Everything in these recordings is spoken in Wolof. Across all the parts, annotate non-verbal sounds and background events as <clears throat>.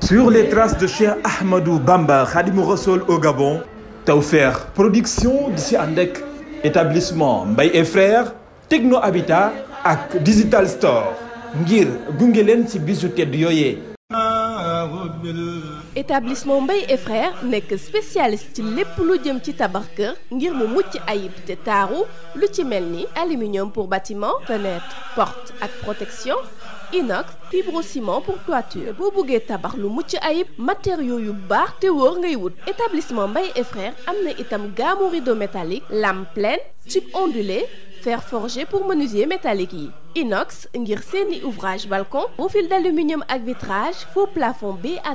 Sur les traces de Cheikh Ahmadou Bamba Khadimou Rassoul au Gabon Tawfekh Production di si ànd ak établissement Mbaye et Frères Techno Habitat ak Digital Store ngir gunge leen ci bisu tedd yooyee établissement mbay et frères nekk spécialiste ci lépp lu jëm ci tabax kër ngir mu mucc ayib te taaru lu ci mel ni aluminium pour bâtiment fenêtre porte ak protection inox fibrociment pour toiture boo bëggee tabax lu mucc ayib matériaux yu baax te wóor ngay wut. établissement mbay et frères am na itam gamme rideau métallique lame pleine tube ondulé fer forgé pour menuisier métallique yi. inox ngir seeni ouvrage balcon profil d'aluminium ak vitrage faux plafond ba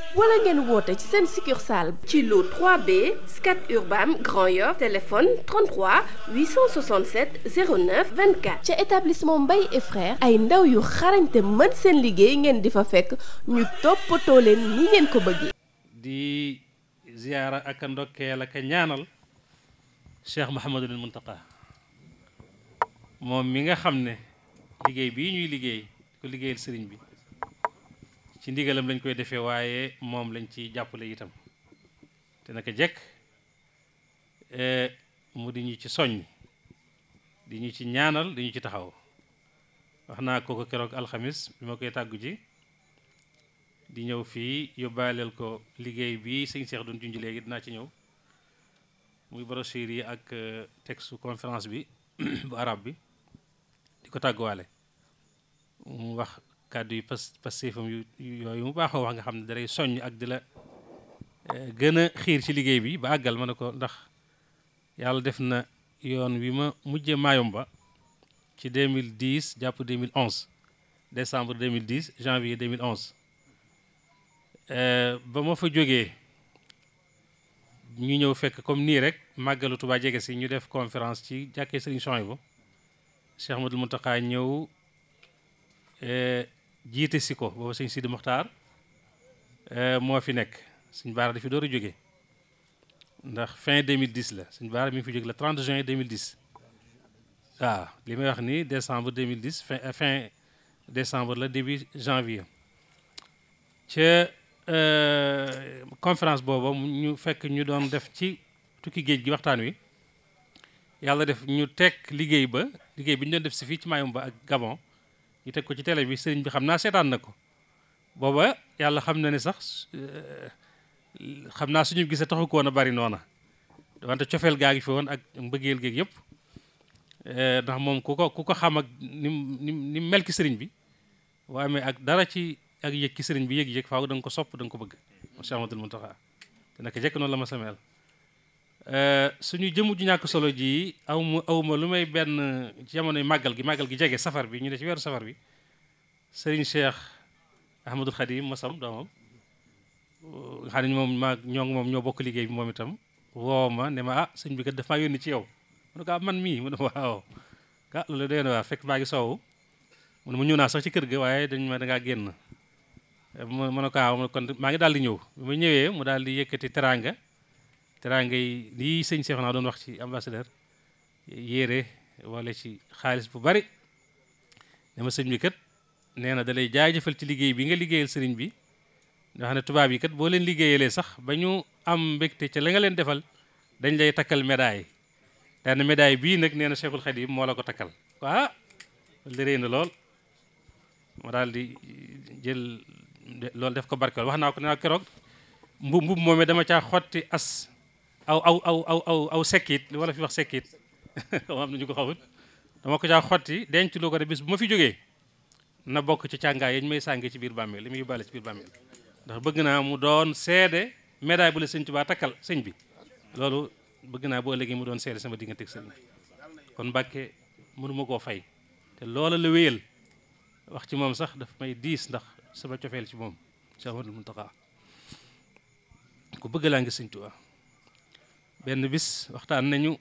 wala ngeen woote ci seen succursale ci lu 3B Scat Urbam Grand Yoff téléphone 33 867 09 24 ca établissement Mbaye et frères ay ndaw yu xarañte mën seen liggéey ngeen di fa fekk ñu toppatoo leen ni ngeen ko bëggee di ziyaara ak a ndokkeel ak a ñaanal Cheikh Mouhamadul Muntaqa moom mi nga xam ne liggéey bii ñuy liggéey ko liggéeyal sëriñ bi ci ndigalam lañ koy defee waaye moom lañ ci jàppale itam te naka jekk e, mu di ñu ci soññ di ñu ci ñaanal di ñu ci taxaw wax naa ko keroog alxamis bi ma koy tàggu ji di ñëw fii yóbbaaleel ko liggéey bi sëñ Seex doon junj léegi dinaa ci ñëw muy brochure yi ak e, texte conférence bi <coughs> bu arab bi di ko tàgguwaale mu wax kàddu yu pas pastéefam yu yooyu mu baaxoo wax nga xam ne daray soññ ak di la eh, gën a xiir ci liggéey bi ba àggal ma ne ko ndax yàlla def na yoon wi ma mujje ba ci 2010 jàpp des 2011 décembre 2010 janvier 2011 eh, ba ma fa jógee ñu ñëw fekk comme nii rek màggalu tubaa jege si ñu def conférence ci jàkkee Sëriñ Souhaïbou Cheikh Ahmadou Mountakha ñëw eh, jiite si ko booba sëñ Sidi Muxtaar eh, moo fi nekk sëñ Baara dafi door a jóge ndax fin 2010 la sëñ Baara mi ngi fi jóg le 30 juin 2010 waaw ah, li may wax nii décembre 2010 fin eh, fin décembre la début janvier ca eh, conférence booba ñu fekk ñu doon def ci tukki géej gi waxtaan wi yàlla def ñu teg liggéey ba liggéey bi doon def si fii ci Mayumba ak Gabon ñu teg ko ci tele bi sëriñ bi xam naa seetaan na ko booba yàlla xam na ne sax xam naa suñu gisee taxu ko woon a bari noona wante cofeel gaa ngi fi woon ak mbëggeel géeg yëpp ndax moom ku ko ku ko xam ak ni ni ni mel ki sëriñ bi waaye mais ak dara ci ak yëg ki sëriñ bi yëg-yëg faa da nga ko sopp da nga ko bëgg Cheikh Ahmadul Muntaxa te naka jekk noonu la ma sameel Euh, suñu jëmm ju ñàkk solo ji awma awma lu may benn jamonoy màggal gi màggal gi jege safar bi ñu ne ci weeru safar bi sëriñ Cheikh Ahmadul Khadim Masam doomam xam ne moom maa ñoo moom ñoo bokk liggéey bi moom itam woo ma ne ah sëñ bi kat dafa maa yónni ci yow mu ne ko ah, man mii mu ne ma waaw ah loolu doy na waa fekk maa ngi soowu mu ne ma ñëw naa sax ci kër gi waaye dañ ma da ngaa génn mu ne ko ah maa ngi daal di ñëw bi ma ñëwee mu daal di yëkkati teraanga teraa ngay lii sëñ Cheikh naa doon wax ci ambassadeur yére wala ci xaalis bu bari dama sëñ bi kat nee na dalay jaajëfal ci liggéey bi nga liggéeyal sëriñ bi ndax xam tubaab yi kat boo leen liggéeyalee sax ba ñu am mbégte ca la nga leen defal dañ lay takkal médaille daana médaille bii nag nee na Cheikhul Khadim moo la ko takkal waa li lool ma daal di jël loolu def ko barkeel wax naa ko ne naa keroog mbub moomee dama caa xotti as aw aw aw aw aw sekkit li wala fi wax sekkiit <laughs> am na ñu ko xawut dama ko caa xotti denc loo ko de bis bu ma fi jógee na bokk ci càngaay yañ may sànge ci biir bàmmeel li muy yóbbaale ci biir bàmmeel ndax bëgg naa mu doon seede médaille bu la sëñ Tuubaa takkal sëñ bi loolu bëgg naa boo léegi mu doon seede sama diggante ak sëñ bi kon Mbàkke mënuma koo fay te loola la wéyal wax ci moom sax dafa may diis ndax sama cofeel ci moom Cheikh Ahmadul Muntaxa ku bëgg laa ngi sëñ benn bis waxtaan nañu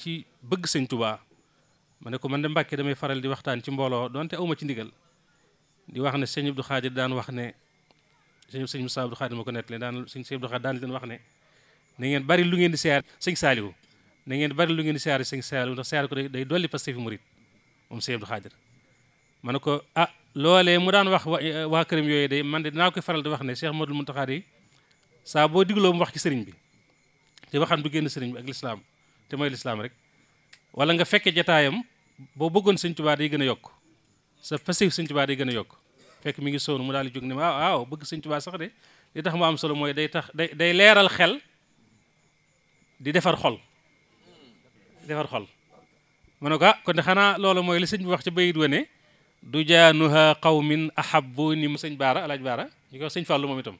ci bëgg sëñ tubaa ma ne ko man de Mbàkke damay faral di waxtaan ci mbooloo donte awma ci ndigal di wax ne sëñ Abdou Khadir daan wax ne sëñ sëñ Moussa Abdou Khadir ma ko nettali daan sëñ Abdou Khadir daan leen wax ne na ngeen bari lu ngeen di siyaar sëñ Saaliwu na ngeen bari lu ngeen di siyaar sëñ Saaliwu ndax siyaar ko day dolli Pastef murit moom sëñ Abdou ma ne ko ah loolee mu daan wax waa këram yooyu day man de dinaa koy faral di wax ne Cheikh Modou Mountakha yi saa boo digloo mu wax ci sëriñ bi te waxaan du génn sëriñ bi ak lislaam te mooy lislaam rek wala nga fekke jataayam boo bëggoon sëñ tubaa day gën a yokk sa passif sëñ tubaa day gën a yokk fekk mi ngi sonn mu daal di jóg ne ma ah, waaw bëgg sëñ sax de li tax mu am solo mooy day tax day day leeral xel di defar xol defar xol ma ne ah, kon de xanaa loolu mooy li sëñ wax ci bayit wane du jaanuha qawmin boo nii mu sëñ baara alaaj baara ñu ko sëñ fàllu moom itam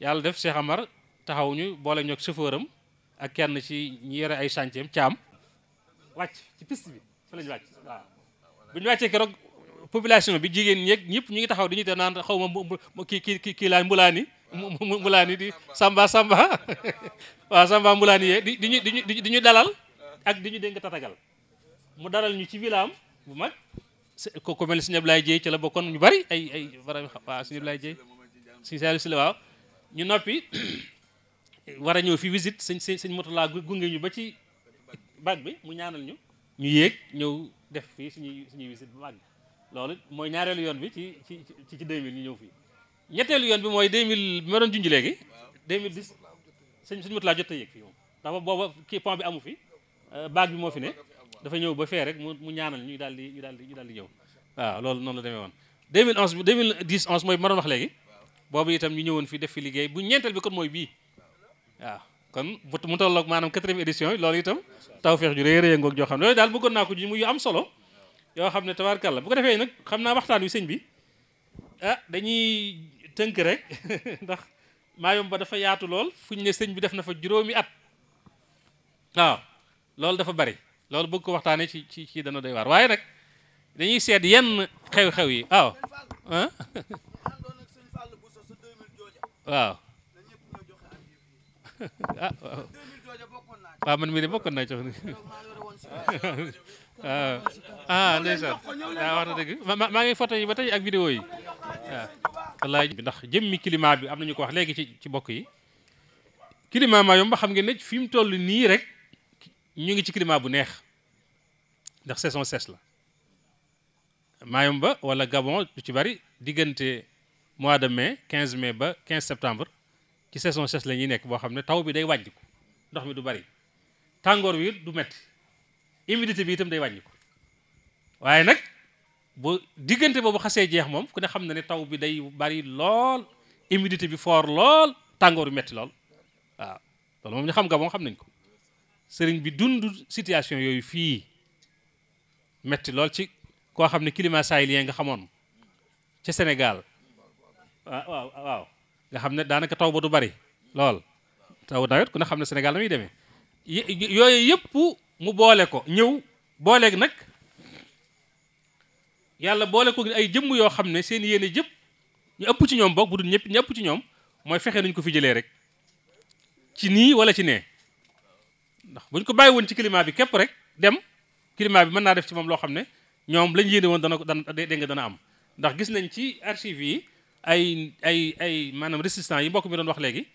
yàlla def Cheikh Amar taxaw ñu boole ñoog chauffeur am ak kenn ci ñi yore ay chantier caam wàcc ci piste bi fa la ñu wàcc waaw bu ñu wàccee keroog population bi jigéen ñeeg ñëpp ñu ngi taxaw di ñu te naan xaw ma kii kii kii laa mbulaani mbulaani di samba samba <laughs> waaw samba mbulaani yee di diñu diñu di ñu dalal ak di ñu dénk tatagal mu dalal ñu ci vilaam bu mag ko ku mel ni Sëñ Ablaye Dieye ci la bokkoon ñu bari ay ay bara waaw Sëñ Ablaye Dieye Sëñ Saliou Sylla waaw ñu noppi <clears throat> war a ñëw fi visite sëñ sëñ sëñ Mourtalla gunge ñu ba ci baag bi mu ñaanal ñu ñu yéeg ñëw def fii suñuy suñuy visite baag loolu mooy ñaareelu yoon bi ci ci ci ci 2000 ñu ñëw fii ñetteelu yoon bi mooy 2000 bi ma doon junj léegi 2010 sëñ sëñ Mourtalla jot a yéeg fii moom dafa kii pont bi amu fi euh, bi moo fi ne dafa ba fee rek mu ñaanal ñu daal di ñu daal di ñu daal di ñëw waaw noonu la demee woon 2011 bi 2010 mooy bi ma doon wax léegi boobu itam ñu ñëwoon fi def fi liggéey bu ñeenteel bi kon mooy bii waaw kon bu mu tolloog maanaam quatrième édition yi loolu itam tawféex ju rëy rëy ngoog joo xam ne yooyu daal bëggoon naa ko ji muy am solo yoo xam ne tabaarkàlla bu ko defee nag xam naa waxtaan wi bi ah, dañuy tënk rek <laughs> ndax maayom ba dafa yaatu lool fu ne sëñ bi def na fa juróomi at waaw loolu dafa bari loolu bëgg ko waxtaanee ci ci ci dana day waar waaye nag dañuy seet yenn xew-xew yi waaw <laughs> waaw ah waaw waaw ah, man mii de bokkoon naa cox ah, ah, ni maa ngi photo yi ba tey ak vidéo yi waaw wallaay ndax jëmmi climat bi am nañu ko wax léegi ci ci bokk yi climat maa yomb xam ngeen ne fi mu toll nii rek ñu ngi ci climat bu neex ndax saison sèche la Mayumba wala Gabon lu ci bari diggante mois de mai quinze mai ba 15 septembre ci saison sèche la ñuy nekk boo xam ne taw bi day wàññi ndox mi du bari tàngoor wi du metti humidité bi itam day wàññiku waaye nag bu diggante boobu xasee jeex moom ku ne xam na ne taw bi day bari lool humidité bi foor lool tàngoor wi metti lool waaw loolu moom ñu xam nga moom xam nañ ko sëriñ bi dund situation yooyu fii metti lool ci koo xam ne climat sahélien nga xamoon ca Sénégal waaw waaw nga xam ne daanaka taw ba du bari lool taw nawet ku ne xam ne Sénégal na muy demee yooyu yëpp mu boole ko ñëw booleek nag yàlla boole ko ay jëmm yoo xam ne seen yéene jëpp ñu ëpp ci ñoom bokk bu dul ñëpp ñu ci ñoom mooy fexe nuñ ko fi jëlee rek ci nii wala ci nee ndax buñ ko bàyyi woon ci climat bi képp rek dem climat bi mën naa def ci moom loo xam ne ñoom lañ yéene woon dana ko dana dégg nga dana am ndax gis nañ ci archive yi ay ay ay maanaam résistant yi mbokk mi doon wax léegi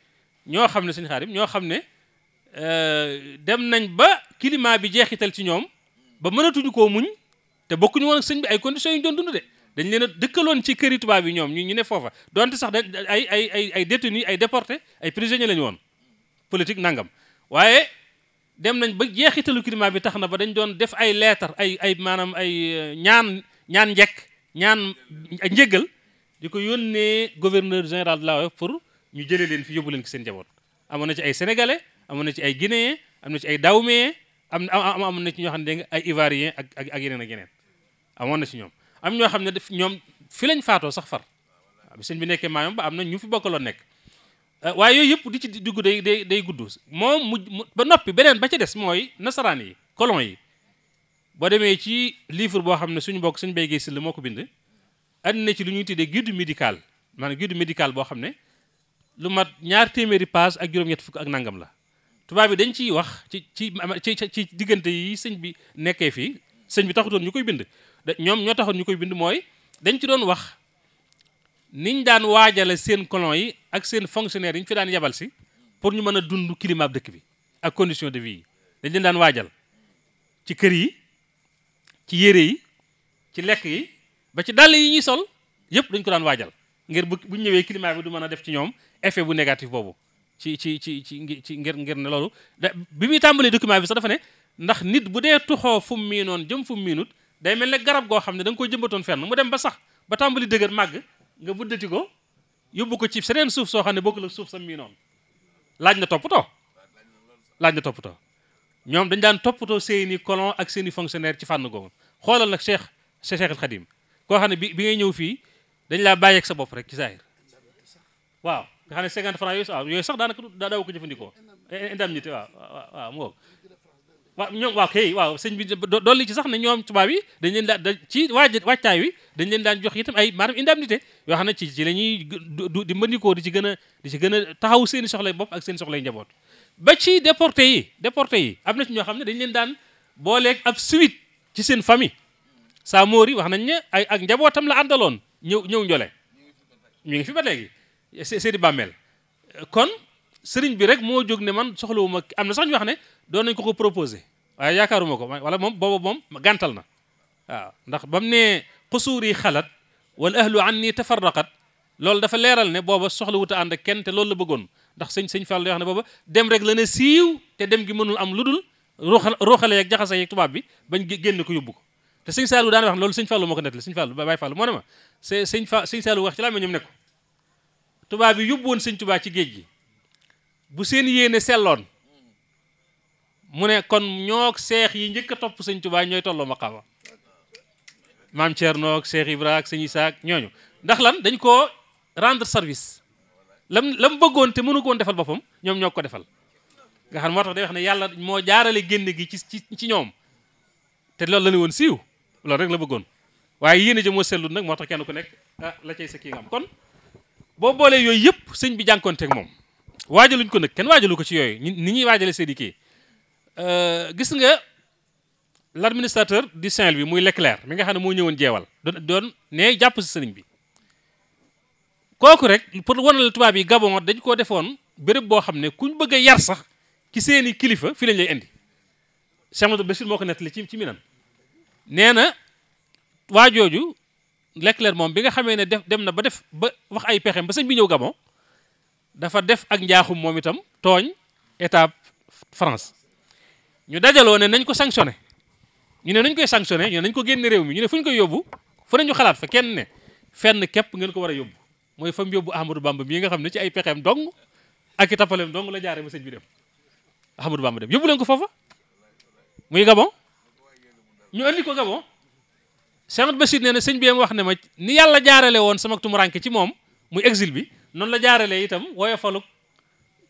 ñoo xam ne suñu xaarim ñoo xam ne euh, dem nañ ba climat bi jeexital ci ñoom ba mënatuñu ko muñ te bokkuñu woon ak sëñ bi ay conditions yu ñu doon dund de dañ leen a dëkkaloon ci këri tubaab ñoom ñu ñu ne foofa donte sax da ay ay ay ay détenus ay déporté ay prisonniers la ñu woon politique nangam waaye dem nañ ba jeexitalu climat bi tax na ba dañ doon def ay leetar ay ay maanaam ay ñaan ñaan njekk ñaan njëggal di ko yónnee gouverneur général de pour ñu jëlee leen fi yóbbu leen ki seen njaboot amoon na ci ay sénégalais amoon na ci ay guinéens am na ci ay daawmeyens am am na ci ñoo xam ne dégg nga ay ivoiriens ak ak ak yeneen amoon na ci ñoom am ñoo xam ne def ñoom fi lañ faatoo sax far bi sëñ bi nekkee maayom ba am na ñu fi bokkaloon nekk euh, waaye yooyu yëpp di ci dugg day day day gudd moom mu ba noppi beneen ba ci des mooy nasaraan yi colon yi boo demee ci livre boo xam ne suñu bokk suñu béygee si la moo ko bind andi na ci lu ñuy tuddee guide médical maanaam guide médical boo xam ne lu mat ñaar téeméeri page ak juróom-ñett fukk ak nangam la tubaab bi dañ ciy wax ci ci ci ci diggante yi sëñ bi nekkee fii sëñ bi taxutoon ñu koy bind ñoom ñoo taxoon ñu koy bind mooy dañ ci doon wax niñ daan waajale seen colon yi ak seen fonctionnaire yi ñu fi daan yebal si pour ñu mën a dund climat dëkk bi ak condition de vie yi dañ leen daan waajal ci kër yi ci yére yi ci lekk yi ba ci dàll yi ñuy sol yëpp dañ ko daan waajal ngir bu bu ñëwee climat bi du mën a def ci ñoom effet bu négatif boobu ci ci ci ci ci ngir ngir ne loolu bi muy tàmbalee document bi sax dafa ne ndax nit bu dee tuxoo fu mu miinoon jëm fu mu miinut day mel ne garab goo xam ne da nga ko jëmbatoon fenn mu dem ba sax ba tàmbali dëgër màgg nga buddati ko yóbbu ko ci seneen suuf soo xam ne bokkul ak suuf sa miinoon laaj na toppatoo laaj na toppatoo ñoom dañ daan toppatoo seeni colon ak seeni fonctionnaire ci fànn googu xoolal nag Cheikh Cheikh Al Khadim koo xam ne bi bi ngay ñëw fii dañ laa bàyyeeg sa bopp rek ci saahir waaw nga xam ne cinquante francs yooyu waaw yooyu sax daanaka daaw ko jëfandikoo eh, indemnité waaw waaw mu ngoog waaw ñoom waaw kay waaw sëñ bi dolli ci sax ne ñoom tubaab yi dañ leen daan ci waaj waajtaay wi dañ leen daan jox itam ay maanaam indemnité yoo xam ne ci ci la ñuy di mbandikoo di ci gën a di ci gën a taxaw seeni soxlay bopp ak seen soxlay njaboot ba ci déporté yi déporté yi am na ci ñoo xam ne dañ leen daan booleeg ab suite ci seen famille Samori wax nañ ne ay ak njabootam la àndaloon ñëw ñëw njole ñu ngi fi ba léegi seedi bàmmeel kon sëriñ bi rek moo jóg ne man soxlawuma am na sax ñu wax ne doon nañ ko ko proposé waaye yaakaaruma ko wala moom booba moom gàntal na waaw ndax ba mu ne xusuuri xalat wal ahlu an nii te tafarraqat loolu dafa leeral ne booba soxla wuta ànd ak kenn te loolu la bëggoon ndax sëñ sëñ Fall wax ne booba dem rek la ne siiw te dem gi mënul am lu dul ruuxale ak jaxase yeeg tubaab bi bañ génn ko yóbbu ko te sëñ Saliou daan wax loolu sëñ Fallou moo ko nettali sëñ Fallou Baye Fallou moo ne ma c'est sëñ fa sëñ Saliou wax ci laa ñoom ne ko yi yóbbu woon sëñ Tuubaa ci géej gi bu seen yéene selloon mu ne kon ñoog seex yi njëkk topp sëñ Tuubaa ñooy tolloo maqaama maam Thierno ak Cheikh Ibra ak sëñ Issa ñooñu ndax lan dañ ko rendre service la mu bëggoon te mënu ko woon defal boppam ñoom ñoo ko defal nga xam moo tax day wax na yàlla moo jaarale génn gi ci ci ñoom te loolu la siiw loolu rek la bëggoon waaye yéene ja moo nag moo tax kenn ku nekk ah, la cay sa kii nga am kon boo boolee yooyu yëpp sëñ bi jànkonteeg moom waajaluñ ko nag kenn waajalu ko ci yooyu ni ñuy waajale seeni i kii euh, gis nga l' administrateur du Saint-Louis muy Leclerc mi nga xam ne moo ñëwoon jeewal doon doon nee jàpp si sëriñ bi kooku rek pour wanal tubaab yi Gabon dañ koo defoon bërëb boo xam ne kuñ bëgg a yar sax ki seeni kilifa fi lañ lay indi Cheikh Amadou Bachir moo ko nettali ci ci minan nee na waa jooju Leclerc moom bi nga xamee ne def dem na ba def ba wax ay pexem ba sëñ bi ñëw Gabon dafa def ak njaaxum moom itam tooñ état France ñu dajaloo ne nañ ko sanctionné ñu ne nañ koy sanctionné ñu ne nañ ko génn réew mi ñu ne fu ñu koy yóbbu fu ne ñu xalaat fa kenn ne fenn képp ngeen ko war a yóbbu mooy fa mu yóbbu Ahmadou Bamba mii nga xam ne ci ay pexeem dong ak i tappaleem dong la jaare ba sëñ bi dem Ahmadou Bamba dem yóbbu leen ko foofa muy Gabon ñu andi ko Gabon Cheikh Bachir nee na sëñ bi wax ne ma ni yàlla jaarale woon sama tumuranke ci moom muy exil bi noonu la jaaralee itam woyofalug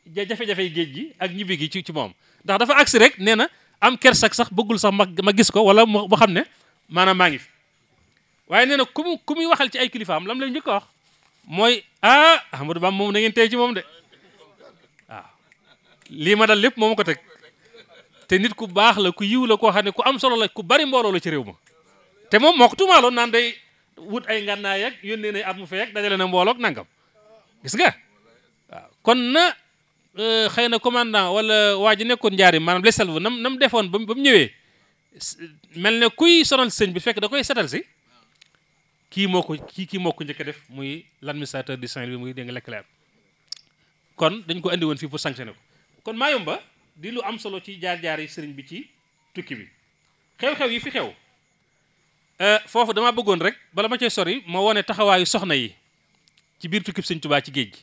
jafe-jafe géej gi ak ñibbi gi ci ci moom ndax dafa agsi rek nee na am kersak sax bëggul sax ma gis ko wala boo xam ne maanaam maa ngi fi waaye nee na ku mu ku muy waxal ci ay kilifaam lam lay njëkk wax mooy ah Ahmadou Bamba moom na ngeen tey ci moom de lii ma dal lépp moom ko teg te nit ku baax la ku yiw la koo xam ne ku am solo la ku bari mbooloo la ci réew ma te moom moo ko tuumaaloon naan day wut ay ngànnaay ak yónnee na at mu fee ak dajale na mbooloo nangam gis nga kon na euh, xëy na commandant wala waa ji nekkoon njaari maanaam les salve nam nam defoon ba mu ñëwee mel ne kuy sonal sëñ bi fekk da koy setal si kii moo ko kii kii moo ko njëkk def muy l'administrateur du Saint-Louis muy dégg nga Leclerc kon dañ ko andi woon fii pour sanctionner ko di lu am solo ci jaar-jaar sëriñ bi ci tukki bi xew-xew yi fi xew eh, foofu damaa bëggoon rek bala ma cay sori ma wone taxawaayu soxna yi ci biir tukkib sëñ Tubaa ci géej gi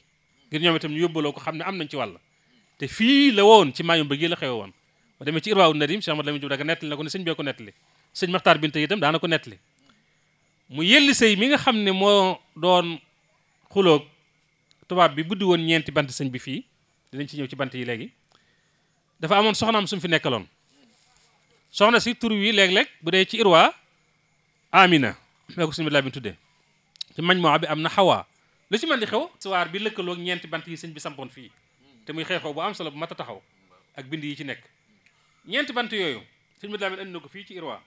ngir ñoom itam ñu yóbbaloo ko xam ne am nañ ci wàll te fii la woon ci maayum bëgg la xew woon ba demee ci irwaawu nadim Cheikh Ahmad Lamine Diop daga ko ne sëñ bee ko nettali sëñ Maxtaar Binta itam daana ko nettali mu yelli sëy mi nga xam ne moo doon xuloog tubaab bi buddi woon ñeenti bant sëñ bi fii dinañ ci ñëw ci bant yi léegi dafa amoon soxna su mu fi nekkaloon soxna si tur wii léeg-léeg bu dee ci irwa amina la ko sëñ bi laa bi tuddee ci mañ moo bi am na xawaa lu ci mën di xew siwaar bi lëkkaloo ñeenti bant yi sëñ bi sampoon fii te muy xeexoo bu am solo bu mat a taxaw ak bind yi ci nekk ñeenti bant yooyu sëñ bi laa na ko fii ci irwa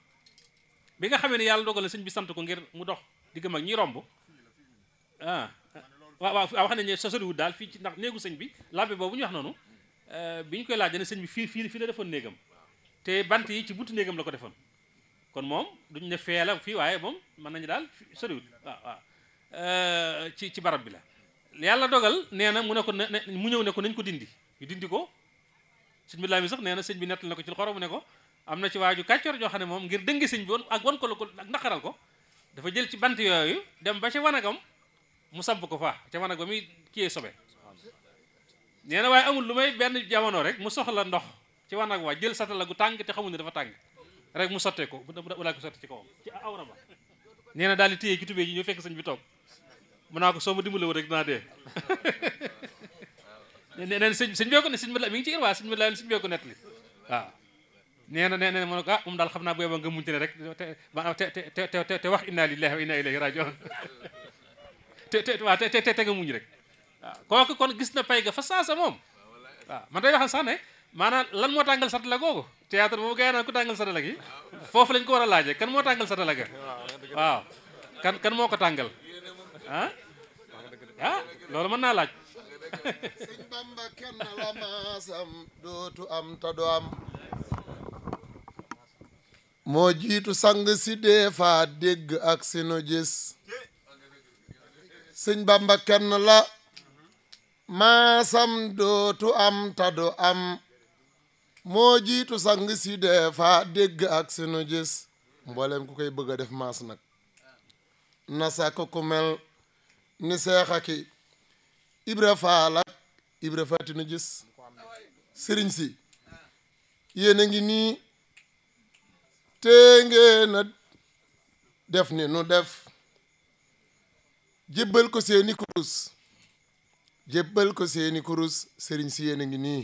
bi nga xamee ne yàlla dogal la sëñ bi sant ko ngir mu dox di gëm ak ñi romb ah, ah waaw waaw wax nañ ne sosoriwul daal fii ci ndax néegu sëñ bi labbe boobu ñu wax noonu Euh, bi ñu koy laaj dana sëñ bi fii fii fii la defoon néegam te bant yi ci buntu néegam la ko defoon kon moom duñ ne fee fii waaye moom mën nañu daal soriwut waaw waaw euh, ci ci barab bi la yàlla dogal nee na mu ne ko na mu ñëw ne ko nañ ko dindi ñu dindi ko sëñ bi laa mi sax nee na sëñ bi nettal na ko ci xoro mu ne ko am na ci waaju kàccoor joo xam ne moom ngir dëngi sëñ bi woon ak wan ko la ko ak naqaral ko dafa jël ci bant yooyu dem ba ca wanagam mu samp ko faa ca wanag ba muy kiyee nee na waaye amul lu may benn jamono rek mu soxla ndox ci wanag waa jël satala gu tàng te xamul ne dafa tàng rek mu sottee ko mu daal ko sotti ci kawam ci awra ba nee na daal di téye ci tubéy ñu fekk sëñ bi toog mu naa ko soo ma dimbale woo rek dinaa dee <laughs> sëñ sëñ bee ko ne sëñ bi mi ngi ci gën waa sëñ bi laa sëñ bee ko na nee na mu ne ko ah moom daal xam naa bu yeboo nga muñte ne rek te te te te wax inna lillahi wa inna ilayhi rajiun <laughs> te te waaw te te te nga muñ rek waaw kooku kon gis na pay ga fa saasa moom waaw man day waxal sax ne maanaam lan moo tàngal sat la googu théâtre boobu gars yi naan ku tàngal satala gi foofu lañ ko war a laajee kan moo tàngal satala ga waaw kan kan moo ko tàngal ah? Ah, loolu mën naa laaj sëñ bamba kenn la maasam dootu am moo jiitu sang si dee faa dégg ak si nu gis sëñ bamba kenn la maasam dootu am tadu am moo jiitu sang dégg ak sunu gis mboolem ku koy bëgg a def maas nag na sàkk ku mel ni seex ak ibra faal ibra faati nu gis sëriñ si yéen ngi nii tee def ni nu def jébbal ko seeni kurus jébbal ko seeni kurus sëriñ si yéen a ngi nii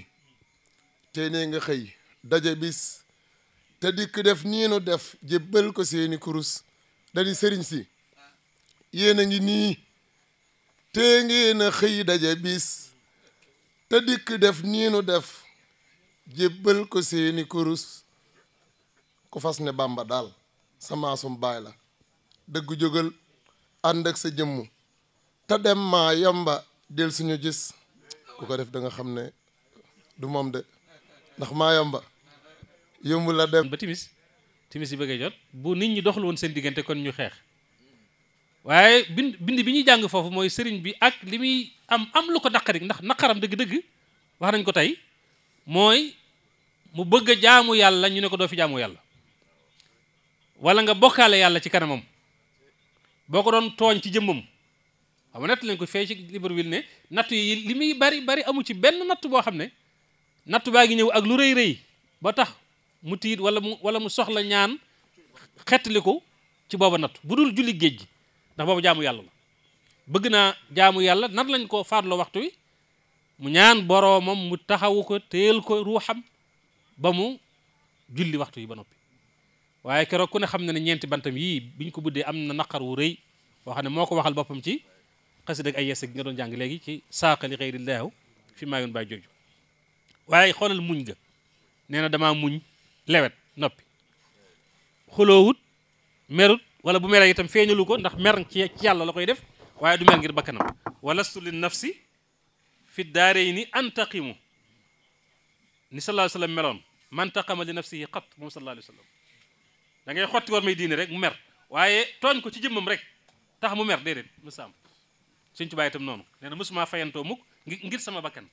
tey nga xëy daje bis te dikk def nii nu def jébbal ko seeni kurus dañu sëriñ si yéen a ngi nii tee ngeen a xëy daje bis te dikk def nii nu def jébbal ko seeni kurus ku fas ne bàmba daal samaasum baay la dëggu jógal ànd sa jëmm te dem maa del suñu gis ku ko def da nga xam ne du moom de ndax maa yomba yomb la dem ba timis timis yi bëggee jot bu nit ñi doxal woon seen diggante kon ñu xeex waaye bind bind bi ñuy jàng foofu mooy sëriñ bi ak li muy am am lu ko naqari ndax naqaram dëgg-dëgg wax nañ ko tey mooy mu bëgg a jaamu yàlla ñu ne ko doo fi jaamu yàlla wala nga bokkaale yàlla ci kanamam boo ko doon tooñ ci jëmmam xam nga natt lañ ko fee ci Libreville ne natt yi li muy bari bari amu ci benn natt boo xam ne nattu baa ngi ñëw ak lu rëy rëy ba tax mu tiit wala mu wala mu soxla ñaan xettali ko ci booba nattu bu dul julli géej gi ndax booba jaamu yàlla la bëgg naa jaamu yàlla nat lañ ko faatloo waxtu wi mu ñaan boroomam mu taxawu ko téyel ko ruuxam ba mu julli waxtu yi ba noppi waaye keroog ku ne xam ne ne ñeenti bantam yii biñ ko buddee am na naqar wu rëy boo xam ne moo ko waxal boppam ci xasida ak ay yeesa gi nga doon jàng léegi ci saaqali xeyrillaahu fi maayoon baay jooju waaye xoolal muñ ga nee na damaa muñ lewet noppi xuloowut merut wala bu meree itam feeñalu ko ndax mer ci ci yàlla la koy def waaye du mer ngir bakkanam walastu lin nafsi fi daarayni antaqimu ni sallallahu alayhi meloon man taqama li nafsihi xat moom sallallahu alayhi wa sallam da xotti war may diine rek mu mer waaye tooñ ko ci jëmmam rek tax mu mer déedéet mu sàmm suñ tubaay itam noonu nee na mosuma fayantoo mukk ngir sama bakkan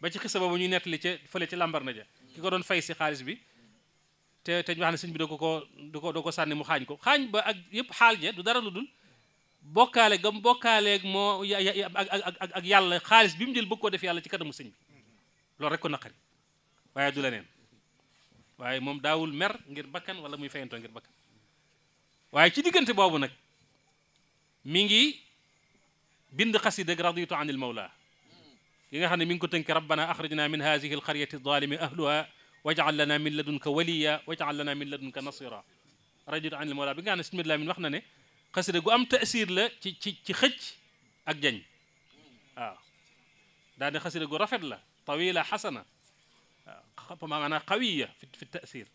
ba ci xisa boobu ñuy nettali ca fële ca làmbar na ja ki ko doon fay si xaalis bi te te ñu wax ne sëñ bi da ko ko da mu xaañ ko xaañ ba ak yëpp xaal ja du dara lu dul bokkaale gam bokkaaleeg moo ak ak yàlla xaalis bi mu jël bëgg koo def yalla ci kanamu sëñ bi loolu rek ko naqari waaye du leneen waaye moom daawul mer ngir bakkan wala muy fayantoo ngir bakkan waaye ci diggante boobu bind xasida ak raditu an il mawla yi nga xam ne mi ngi ko tënk rabbana axrijna min hadihi al qaryati zalimi ahluha wajal lana min ladunka waliya wajal lana min ladunka nasira raditu an il mawla bi nga xam ne sëñ Lamin wax na ne xasida am tasir la ci ci ci xëcc ak jañ waaw gu rafet la tawila xasana waaw maanaam xawiya fi fi tasir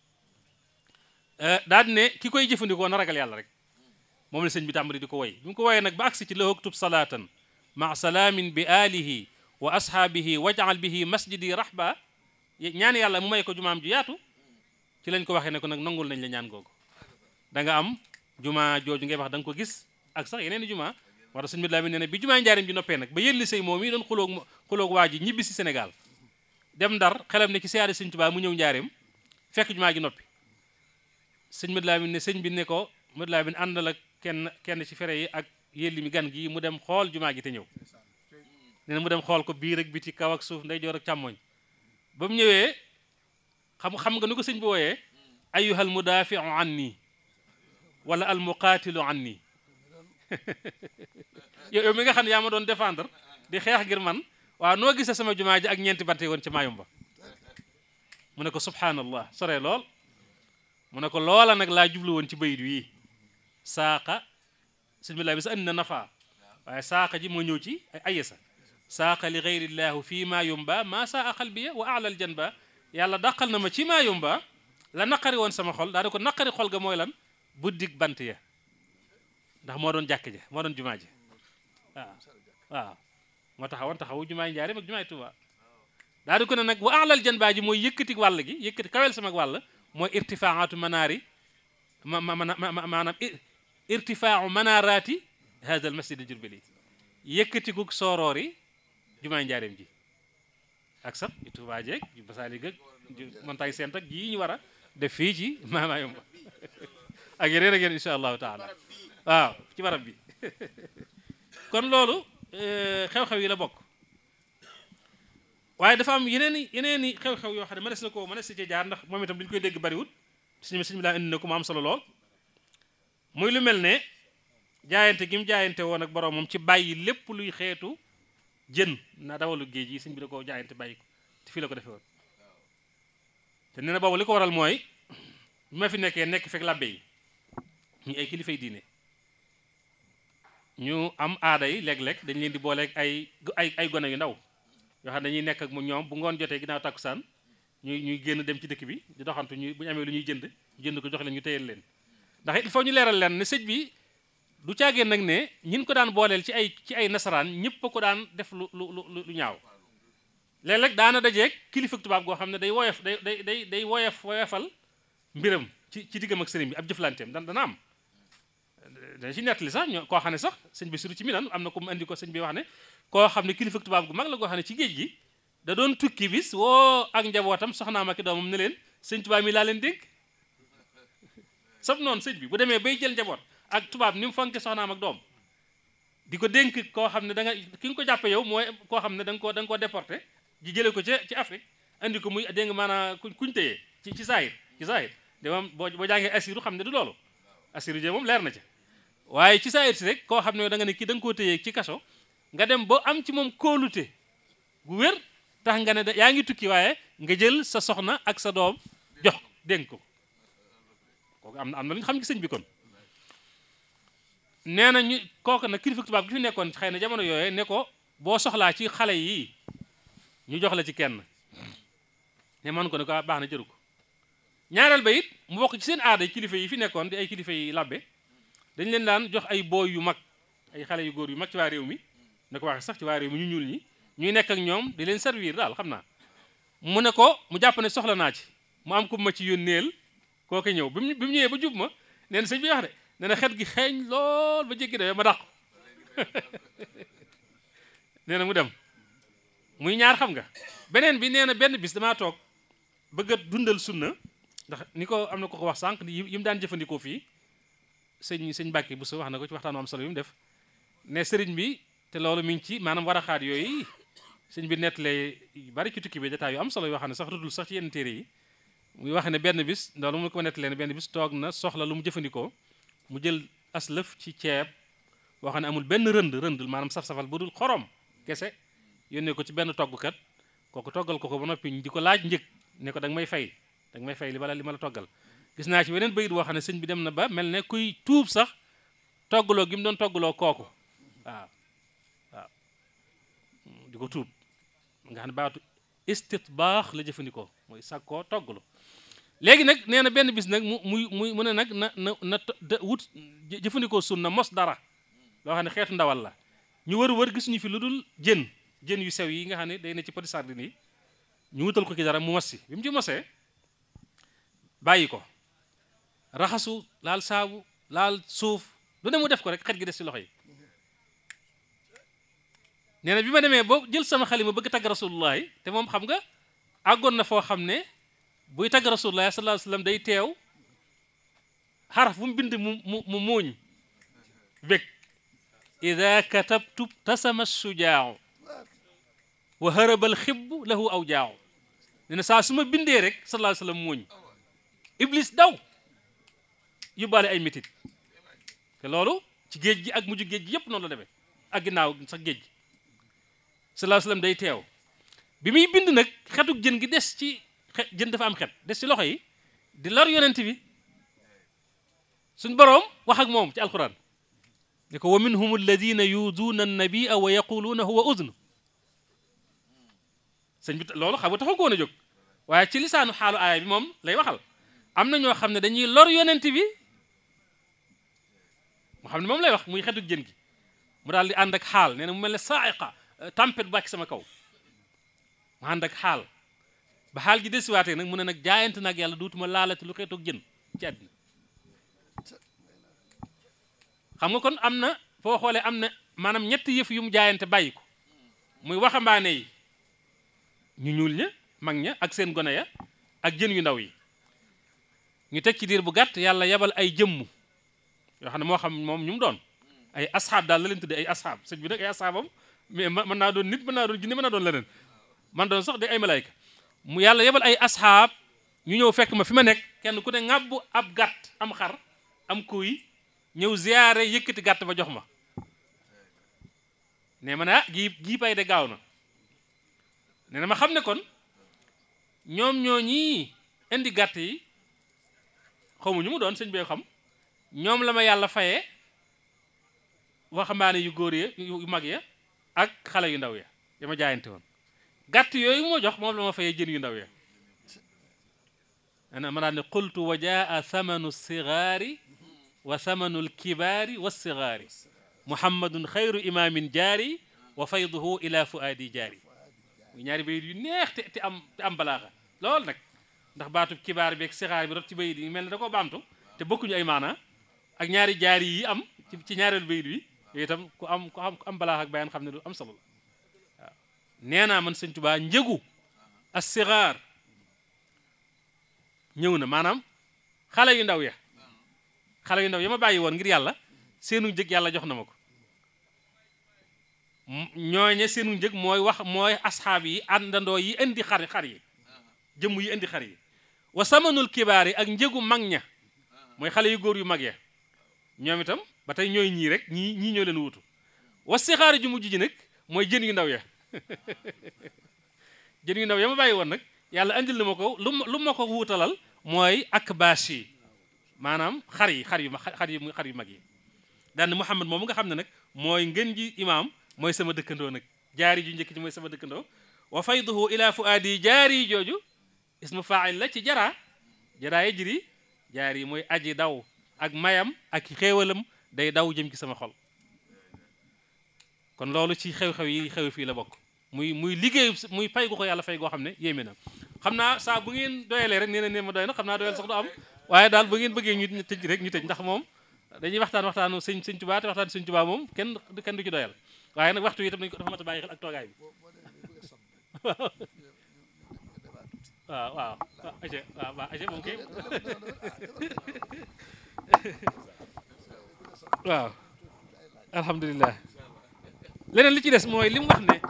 daal ne ki koy jëfandikoo na ragal yàlla rek moom la sëñ bi tàmbali di ko woy bi mu ko woyee nag ba agsi ci lahoktub salaatan ma salaamin bi alihi wa ashaabihi wajaal bihi masjidi rahba ñaan yàlla mu may ko jumaam ju yaatu ci lañ ko waxee ne ko nag nangul nañ la ñaan googu da nga am juma jooju ngay wax da ko gis ak sax yeneen i juma moo tax sëñ bi nee na bi jumaa njaarim ji noppee nag ba yëlli sëy moom yi doon xuloog xuloog waa ji ñibbi si Sénégal dem Ndar xelam ne ci siyaare sëñ Tuubaa mu ñëw njaarim fekk jumaa ji noppi sëñ bi Lamin ne sëñ bi ne ko Lamin àndal ak kenn kenn ci fere yi ak yelli mi gan gi mu dem xool jumaa ji te ñëw mu dem xool ko biir ak biti kaw ak suuf ndeyjoor ak càmmoñ ba mu ñëwee xam xam nga nu ko sëñ bi wooyee ayyuhal wala al muqaatilu an <laughs> nga xam ne yaa ma doon défendre di xeex ngir man waaw noo gisee sama jumaa ji ak ñeenti bante woon ci maayumba mu ne ko subhanallah sore lool mu ne ko loola nag laa jublu woon ci bayit wii saaqa sëñ bi laa na nafaa waaye saaqa ji moo ñëw ci ay ayesa saaqa li gayrillahu fii maa yumba maa saa wa alal janba yàlla dàqal na ma ci maa la naqari woon sama xol daa di ko naqari xol ga mooy lan buddik bant ya ndax moo doon jàkk ja moo doon jumaa ji waaw waaw moo taxawoon taxawu jumaay njaarim ak jumaay tuba daa di ko ne nag wa alal janba ji mooy yëkkati wàll gi yëkkati kawel sama wàll mooy irtifaatu manaari ma irtifaau manaraati hada al masjid al jurbeli yëkkatigug sooroor yi jumaay njaareem ji ak sax ju Tuubaa jeeg ju basaali gëg ju ak yi ñu wara a def fii ci <laughs> maama yomba ak yeneen ak yeneen insha allahu taala waaw ci barab bi <laughs> kon loolu eh, xew-xew yi la bokk waaye dafa am yeneen i yeneen i xew-xew yoo xam ne mënees na koo mënees na cee jaar ndax moom itam bi ñu koy dégg bariwut suñu sëñ bi laa indi na ko mu am solo lool muy lu mel ne jaayante gi mu jaayante woon ak boroomam ci bàyyi lépp luy xeetu jën na dawalu géej yi siñ bi da ko jaayante bàyyi ko te fii la ko defe woon te nee li ko waral mooy bi ma fi nekkee nekk fekk làbbe yi ñu ay kilifay diine ñu am aada yi lekk léeg dañ leen di booleeg ay ay ay gone yu ndaw yoo xam ne dañuy nekk ak mu ñoom bu ngoon jotee ginnaaw tàkkusaan ñuy ñuy génn dem ci dëkk bi di doxantu ñu bu ñu amee lu ñuy jënd jënd ko jox leen ñu téyel leen ndax il faut ñu leeral leen ne sëj bi du caagee nag ne ñin ko daan booleel ci ay ci ay nasaraan ñëpp ko daan def lu lu ñaaw léeg-léeg daana dajeeg kilifa tubaab goo xam ne day woyof day day day day woyof woyofal mbiram ci ci diggam ak sëriñ bi ab jëflanteem dan dana am dañ ci nettali sax ñoo koo xam ne sax sëñ bi suru ci minan am na ko mu indi ko sëñ bi wax ne koo xam ne kilifa tubaab gu mag la goo xam ne ci géej gi da doon tukki bis woo ak njabootam soxnaam ak i doomam ne leen sëñ tubaab mi leen dégg sab noonu sëñ bi bu demee bay jël njaboot ak tubaab ni mu fonke soxnaam ak doom di ko dénk koo xam ne da nga ki nga ko jàppe yow mooy koo xam ne da nga koo da nga koo déporté di ko ca ci Afrique andi ko muy dégg nga maanaam kuñ téye ci ci saayir ci saayir de mam boo boo jàngee assiru xam ne du loolu assiru jee moom leer na ca waaye ci saayir si rek koo xam ne da nga ne kii danga nga koo téye ci kaso nga dem ba am ci moom kóolute gu wér tax nga ne yaa ngi tukki waaye nga jël sa soxna ak sa doom jox dénk ko am na am na lu ñu xam ci señ bi kon nee na ñu kooku nag kilifa tubaab gi fi nekkoon xëy na jamono yooye ne ko boo soxlaa ci xale yi ñu jox la ci kenn ne man ko ne ko ah, baax na jëru ko ñaareel ba it mu bokk ci seen aada kilifa yi fi nekkoon di ay kilifa yi làbbe dañ leen daan jox ay booy yu mag ay xale yu góor yu mag ci waa réew mi na ko waxee sax ci waa réew mi ñu ñuul ñi ñuy nekk ak ñoom di leen servir daal xam naa mu ne ko mu jàpp ne soxla naa ci mu am ku kooke ñëw bi mu ñëwee ba jub ma nee na sëñ bi wax de nee xet gi xeeñ lool ba jéggi dawee ma dàq <laughs> nee na mu dem muy ñaar xam nga beneen bi nee na benn bis damaa toog bëgg a dundal sunna ndax ni ko am na ko ko wax sànq yi mu daan jëfandikoo fii sëñ sëñ Mbàkke bu sa wax na ko ci waxtaan am solo yi mu def ne sëriñ bi te loolu mi ngi ci maanaam war a xaat yooyu sëñ bi nettalee bari ci tukki bi détails yu am solo yoo xam ne sax rëddul sax ci yenn téere yi muy wax ne benn bis loolu mu ko nettalee ne benn bis toog na soxla lu mu jëfandikoo mu jël aslëf ci ceeb boo xam ne amul benn rënd rënd maanaam saf-safal bu dul xorom kese yónnee ko ci benn toggkat kooku toggal ko ko ba noppi di ko laaj njëkk ne ko da may fay da may fay li bala li ma la toggal gis naa ci weneen bayit boo ne sëñ bi dem na ba mel ne kuy tuub sax toggaloo gi mu doon toggaloo kooku waaw waaw di ko tuub nga xam ne baatu istitbaax la jëfandikoo mooy sàkkoo toggalu léegi nag nee na benn bis nag mu muy muy mu ne nag na na na wut jëfandikoo na mos dara loo xam ne xeetu ndawal la ñu wër wër gisuñu fi lu dul jën jën yu sew yi nga xam ne day ne ci petit sardine yi ñu wutal ko ki dara mu mos si bi mu ci mosee bàyyi ko raxasu laal saabu laal suuf lu ne mu def ko rek xet gi des ci loxo yi nee bi ma demee ba jël sama xalima bëgg tagg rasulullahi te moom xam nga àggoon na foo xam ne buy tagg rasulullah sallallahu alayhi wa sallam day teew xaraf bu mu bind mu mu mu muuñ bég ida katabtu tasama sujaau wa harabal xibbu lahu aw jaaw dina saa su ma bindee rek sallallahu alayhi wa sallam muuñ iblis daw yóbbaale ay métit te loolu ci géej gi ak mujju géej gi yépp noonu la demee ak ginnaaw sax géej gi sallallahu alayhi wa sallam day teew bi muy bind nag xetuk jën gi des ci xet jën dafa am xet des ci loxo yi di lor yonent bi suñ boroom wax ak moom ci alquran ne ko wa minhum alladina yuuduuna annabia wa yaquluuna huwa udn sëñ bi loolu xam nga taxu ko woon a jóg waaye ci lisaanu xaal aaya bi moom lay waxal am na ñoo xam ne dañuy lor yonent bi mu xam ne moom lay wax muy xetu jën gi mu daal di ànd ak xaal nee na mu mel ne saaiqa tempête sama kaw mu ànd xaal ba xaal gi desiwaatee nag mu ne nag jaayante nag yàlla duutuma laalati lu xeetoog jën ci àddina xam nga kon am na foo xoolee am na maanaam ñetti yëf yu mu jaayante bàyyi ko muy waxambaane ñu ñuul ña mag ña ak seen gone ya ak jën yu ndaw yi ñu teg ci diir bu gàtt yàlla yabal ay jëmm yoo xam ne moo xam moom ñu mu doon ay asxaab daal la leen tudde ay asxaab sëñ bi nag ay asxaabam mais mën naa doon nit mën naa doon jinne mën naa doon leneen man doon sax de ay malaayka mu yàlla yebal ay asxaab ñu ñëw fekk ma fi ma nekk kenn ku ne ŋàbbu ab gàtt am xar am kuy ñëw ziyaare yëkkati gàtt ba jox ma ne ma ne ah gii gii bay de gaaw na ne na ma xam ne kon ñoom ñoo ñii indi gàtt yi xaw xamu ñu mu doon sëñ bee xam ñoom la ma yàlla fayee waxambaane yu góor ya yu mag ya ak xale yu ndaw ya ya ma jaayante woon gàtt yooyu moo jox moom la ma fayee jën yu ndaw ya ana ma qultu wa jaa samanu sigaari wa samanu lkibaari wa sigaari muhammadun xayru imaamin jaari wa fayduhu ila fuaadi jaari muy ñaari bayit yu neex te te am te am balaaxa lool nag ndax baatub kibaar bi ak sigaar bi rot ci bayit yi mel ne da koo baamtu te bokkuñu ay maana ak ñaari jaari yi am ci ñaareel bayit bi yooyu itam ku am ku am am balaaxa ak bayaan xam ne lu am solo nee naa man sëñ Tuubaa njëgu as ñëw na maanaam xale yu ndaw ya xale yu ndaw ya ma bàyyi woon ngir yàlla seenu njëg yàlla jox na ma ko ñooñe seenu njëg mooy wax mooy asxaab yi àndandoo yi indi xar yi jëmm yi indi xar yi wa samanul kibaar yi ak njëgu mag ña mooy xale yu góor yu mag ya ñoom itam ba tey ñooy ñii rek ñii ñii ñoo leen wutu wa sixaar ju ji nag mooy jën yu ndaw ya <laughs> jën yu ndaw ya ma bàyyi woon nag yàlla andil na ma ko lu lu ma ko wuutalal mooy ak baas yi maanaam xar yi xar yu ma xar yu xar yu mag yi daann Muhammad moomu nga xam ne nag mooy ngën ji imaam mooy sama dëkkandoo nag jaari ju njëkk ji mooy sama dëkkandoo wa fayduhu ila fuaadi jaari jooju ismu faa'il la ci jaraa jaraa yajri jaari yi mooy aji daw ak mayam ak xéewalam day daw jëm ci sama xol kon loolu ci xew-xew yi xew fii la bokk muy muy liggéey muy fay gu ko yàlla fay goo xam ne yéeme na xam naa saa bu ngeen doyalee rek nee na nee ma doy na xam naa doyal sax du am waaye daal bu ngeen bëggee ñu tëj rek ñu tëj ndax moom dañuy waxtaan waxtaanu sëñ sëñ Tuubaa te waxtaan sëñ Tuubaa moom kenn kenn du ci doyal waaye nag waxtu yi itam dañ ko a bàyyi xel ak toogaay bi <laughs> waaw waaw waaw waaw waaw aje moom kay <laughs> waaw alhamdulilah leneen li ci des mooy li mu wax ne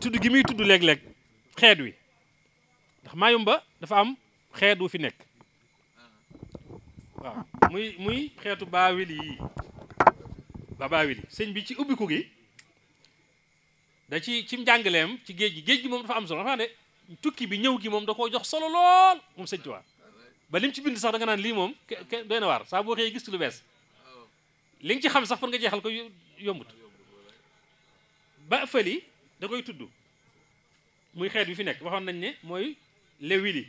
tudd gi muy tudd léeg-léeg xeet wi ndax Mayumba dafa am xeet wu fi nekk waaw muy muy xeetu baawili yi ba baawili sëñ bi ci ubbiku gi da ci ci njàngaleem ci géej gi géej gi moom dafa am solo dafa tukki bi ñëw gi moom da koo jox solo lool moom sëñ Tuubaa ba lim ci bind sax da naan lii moom ke doy na waar saa boo xëyee gis ci lu bees li ci xam sax pour nga jeexal ko yombut ba fëli da koy tudd muy xeet wi fi nekk waxoon nañ ne mooy les wili